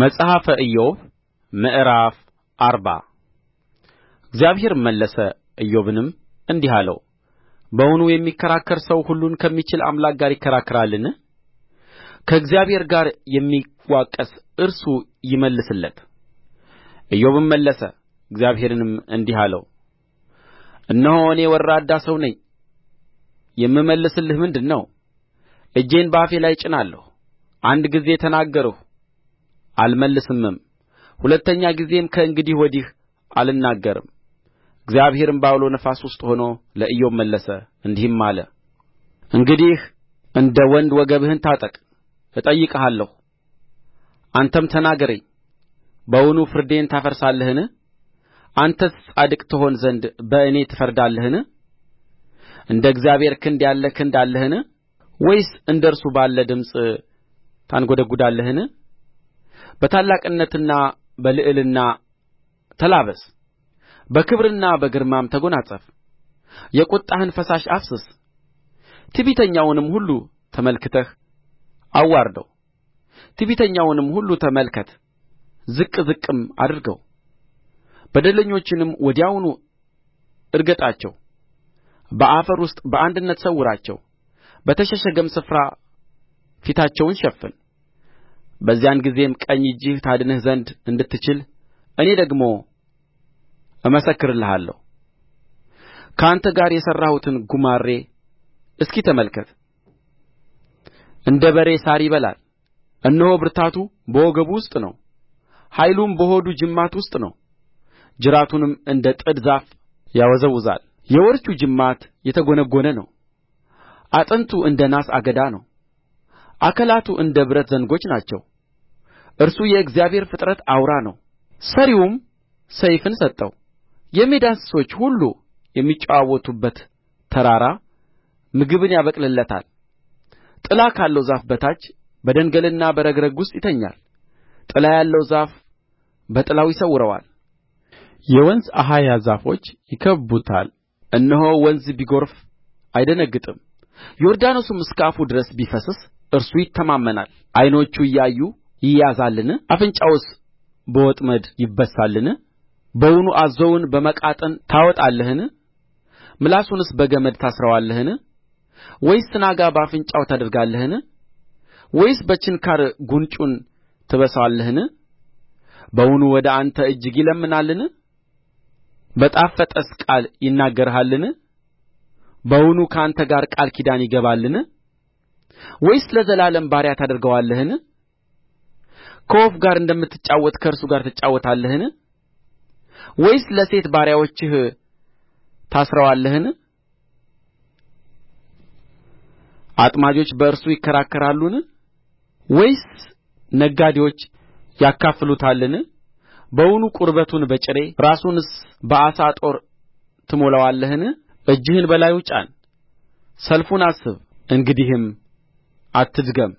መጽሐፈ ኢዮብ ምዕራፍ አርባ እግዚአብሔርም መለሰ ኢዮብንም እንዲህ አለው በውኑ የሚከራከር ሰው ሁሉን ከሚችል አምላክ ጋር ይከራከራልን ከእግዚአብሔር ጋር የሚዋቀስ እርሱ ይመልስለት ኢዮብም መለሰ እግዚአብሔርንም እንዲህ አለው እነሆ እኔ ወራዳ ሰው ነኝ የምመልስልህ ምንድር ነው እጄን በአፌ ላይ እጭናለሁ አንድ ጊዜ ተናገርሁ አልመልስምም ሁለተኛ ጊዜም ከእንግዲህ ወዲህ አልናገርም እግዚአብሔርም በዐውሎ ነፋስ ውስጥ ሆኖ ለኢዮብ መለሰ እንዲህም አለ እንግዲህ እንደ ወንድ ወገብህን ታጠቅ እጠይቅሃለሁ አንተም ተናገረኝ በውኑ ፍርዴን ታፈርሳለህን አንተስ ጻድቅ ትሆን ዘንድ በእኔ ትፈርዳለህን እንደ እግዚአብሔር ክንድ ያለ ክንድ አለህን ወይስ እንደ እርሱ ባለ ድምፅ ታንጐደጕዳለህን በታላቅነትና በልዕልና ተላበስ በክብርና በግርማም ተጐናጸፍ የቍጣህን ፈሳሽ አፍስስ ትዕቢተኛውንም ሁሉ ተመልክተህ አዋርደው ትዕቢተኛውንም ሁሉ ተመልከት ዝቅ ዝቅም አድርገው በደለኞችንም ወዲያውኑ እርገጣቸው በአፈር ውስጥ በአንድነት ሰውራቸው በተሸሸገም ስፍራ ፊታቸውን ሸፍን በዚያን ጊዜም ቀኝ እጅህ ታድንህ ዘንድ እንድትችል እኔ ደግሞ እመሰክርልሃለሁ ከአንተ ጋር የሠራሁትን ጉማሬ እስኪ ተመልከት እንደ በሬ ሣር ይበላል እነሆ ብርታቱ በወገቡ ውስጥ ነው ኃይሉም በሆዱ ጅማት ውስጥ ነው ጅራቱንም እንደ ጥድ ዛፍ ያወዘውዛል። የወርቹ ጅማት የተጐነጐነ ነው አጥንቱ እንደ ናስ አገዳ ነው አካላቱ እንደ ብረት ዘንጎች ናቸው እርሱ የእግዚአብሔር ፍጥረት አውራ ነው ሠሪውም ሰይፍን ሰጠው የሜዳ እንስሶች ሁሉ የሚጫወቱበት ተራራ ምግብን ያበቅልለታል ጥላ ካለው ዛፍ በታች በደንገልና በረግረግ ውስጥ ይተኛል ጥላ ያለው ዛፍ በጥላው ይሰውረዋል የወንዝ አኻያ ዛፎች ይከብቡታል እነሆ ወንዝ ቢጐርፍ አይደነግጥም ዮርዳኖስም እስከ አፉ ድረስ ቢፈስስ እርሱ ይተማመናል ዓይኖቹ እያዩ ይያዛልን አፍንጫውስ በወጥመድ ይበሳልን በውኑ አዞውን በመቃጥን ታወጣለህን ምላሱንስ በገመድ ታስረዋለህን ወይስ ስናጋ በአፍንጫው ታደርጋለህን ወይስ በችንካር ጕንጩን ትበሳዋለህን? በውኑ ወደ አንተ እጅግ ይለምናልን በጣፈጠስ ቃል ይናገርሃልን በውኑ ከአንተ ጋር ቃል ኪዳን ይገባልን ወይስ ለዘላለም ባሪያ ታደርገዋለህን ከወፍ ጋር እንደምትጫወት ከእርሱ ጋር ትጫወታለህን ወይስ ለሴት ባሪያዎችህ ታስረዋለህን አጥማጆች በእርሱ ይከራከራሉን ወይስ ነጋዴዎች ያካፍሉታልን በውኑ ቁርበቱን በጭሬ ራሱንስ በዓሣ ጦር ትሞላዋለህን እጅህን በላዩ ጫን ሰልፉን አስብ እንግዲህም አትድገም